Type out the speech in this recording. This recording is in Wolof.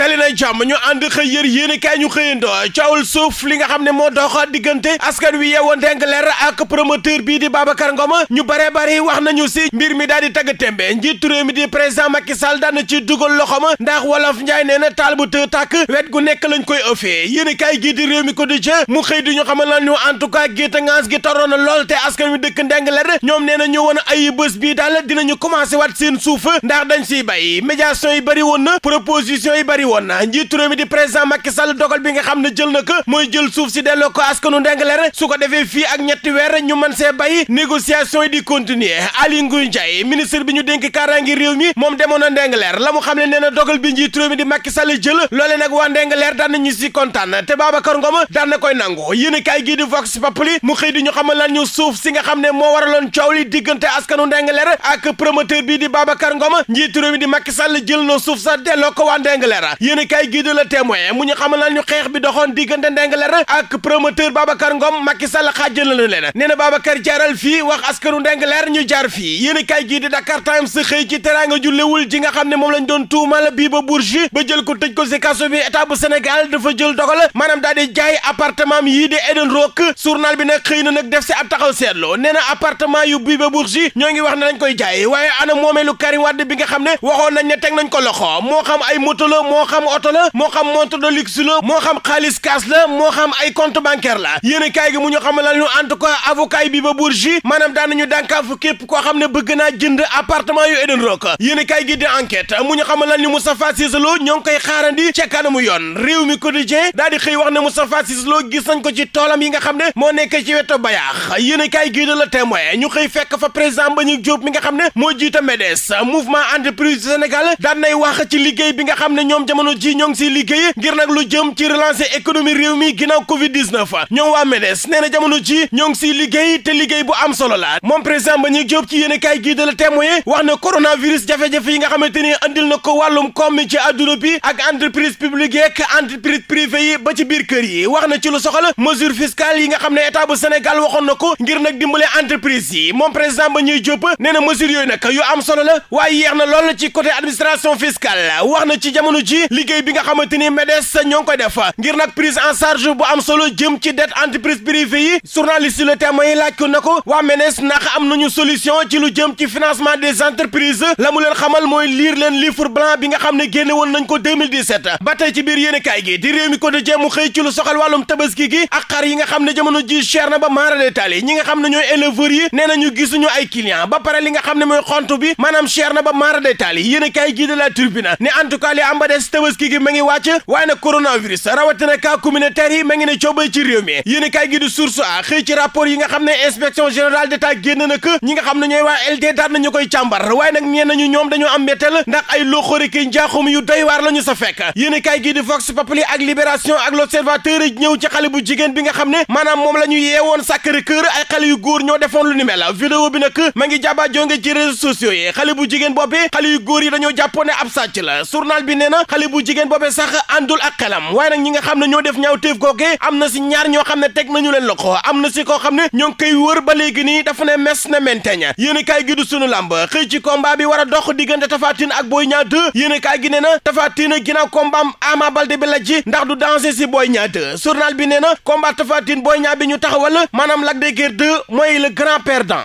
dali na jàmm ñu ànd xëy yër yéen kaay ñu xëyandoo coowul suuf li nga xam ne moo dox diggante askan wi yeewoo ndeng leer ak promoteur bii di Babacar Ngom ñu bare bare wax nañu si mbir mi daal di tagg tembe njiitu réew mi di président Macky Sall daan na ci dugal ma ndax wolof Njaay nee na taal bu të tàkk wet gu nekk lañ koy ëffee yéen kaay gii di réew mi ko di mu xëy di ñu xamal la ñu en tout cas géta gi taroon lool te askan wi dëkk ndeng leer ñoom nee na ñu woon ay bés bii daal waat seen suuf ndax dañ siy bay médiation yi bari woon na proposition yi bari woon na njiitu réew mi di président Macky Sall dogal bi nga xam ne jël na ko mooy jël suuf si delloo ko askanu Ndingler su ko defee fii ak ñetti weer ñu mën see bay négociation yi di continuer Aly Ngouille Ndiaye ministre bi ñu dénk kaaraangi réew mi moom demoon na Ndingler la mu xam ne nee na bi njiitu réew mi di Macky Sall jël loole nag waa Ndingler daan nañu si kontaan te Babacar Ngom daan na koy nangu yéen a kaay gii di Vox Populi mu xëy di ñu xamal lan ñu suuf si nga xam ne moo waraloon coow li diggante askanu Ndingler ak promoteur bii di Babacar Ngom njiitu mi di Macky Sall jël na suuf sa delloo ko waa Ndingler yéen a kaay gii de la témoin mu ñu xamal ñu xeex bi doxoon diggante Ndingler ak promoteur Babacar Ngom Macky Sall xaajal na leen nee na Babacar jaaral fii wax askanu Ndingler ñu jaar fii yéen a kaay gii de Dakar Times xëy ci teraanga jullewul ji nga xam ne moom lañ doon tuumal bii ba Bourgi ba jël ko tëj ko si kaso bi état bu Sénégal dafa jël dogal maanaam daal di jaay yii di Eden Rock journal bi nag xëy na nag def si ab taxaw seetloo nee na appartement yu bii ba ngi wax ne dañ koy jaay waaye ana moomeelu Karim Wade bi nga xam ne waxoon nañ ne teg nañ ko loxo moo xam ay moto la moo xam oto la moo xam montre de luxe la moo xam xaalis kaas la moo xam ay compte bancaire la yéen kaay gi mu ñu xamal la ñu en tout cas avocat bi ba Bourgi maanaam daan nañu dànkaafu képp koo xam ne bëgg naa jënd appartement yu Eden Rock yéen kaay gi di enquête mu ñu xamal la ñu Moustapha Cissé Lo ñoo ngi koy xaarandi ca kanamu yoon réew mi quotidien daal di xëy wax ne Moustapha Cissé Lo gis nañ ko ci toolam yi nga xam ne moo nekk ci wetu bayaax yéen kaay gi de la moo jiite MEDES mouvement entreprise Sénégal daan bi nga xam jamono ji ñoo ngi si liggéey ngir nag lu jëm ci relancer économie réew mi ginnaw covid 19 ñoom waa MEDES nee na jamono ji ñoo ngi siy liggéey te liggéey bu am solo la moom président ba ñu jóob ci yéen kaay gii de la témoin wax ne coronavirus jafe-jafe yi nga xamante ni andil na ko wàllum koom mi ci adduna bi ak entreprise publique yeeg entreprise privée yi ba ci biir kër yi wax na ci lu soxal mesure fiscale yi nga xam ne état bu Sénégal waxoon na ko ngir nag dimbale entreprise yi ba ñuy jóob nee na mesure yooyu nag yu am solo la waaye yeex na lool ci côté administration fiscale wax na ci jamono ji ci liggéey bi nga xamante ni MEDES ñoo ngi koy def ngir nag prise en charge bu am solo jëm ci dette entreprise privée yi journaliste Le ko na ko waa MEDES ndax am nañu solution ci lu jëm ci financement des entreprises la leen xamal mooy liir leen livre blanc bi nga xam ne génne woon nañ ko 2017 ba tey ci biir yéenekaay gi di réew ko dëjee mu xëy ci lu soxal wàllum tabaski gi ak xar yi nga xam ne jamono ji cher na ba maara détail yi ñi nga xam ne ñooy éleveurs yi nee virus tabaski gi ma ngi wàcc waaye nag coronavirus rawatina cas communautaire yi ma ngi ne coobay ci réew mi yéen i kaay di source a xëy ci rapport yi nga xam ne inspection générale d'État génn na ñi nga xam ne ñooy waa LD daan nañu koy càmbar waaye nag ñeen nañu ñoom dañoo am mbetteel ndax ay looxoore ki njaaxum yu doy war la ñu sa fekk yéen i kaay gi di Vox Populi ak Libération ak l'Observateur ñëw ci xale bu jigéen bi nga xam ne maanaam moom la ñu yeewoon Sacré-Cœur ay xale yu góor ñoo defoon lu ni mel vidéo bi nag ma ngi xale bu jigéen boobu xale yu góor yi dañoo jàppoon ne ab sàcc la journal bi nee na xale bu jigéen boobee sax àndul ak xelam waaye nag ñi nga xam ne ñoo def ñaaw téef googe am na si ñaar ñoo xam ne teg nañu leen loxo am na si koo xam ne ñoo ngi koy wër ba léegi nii dafa ne mes na menteñ yéen a kaay gi du sunu làmb xëy ci combat bi war a dox diggante Tapha Tine ak Boy Niang 2 yéen a kaay gi nee na Tapha Tine ginnaaw combat am Ama Baldé bi la ji ndax du danger si Boy Niang 2 journal bi nee na combat Tapha Tine Boy Niang bi ñu taxawal maanaam Lac de Guiers 2 mooy le grand perdant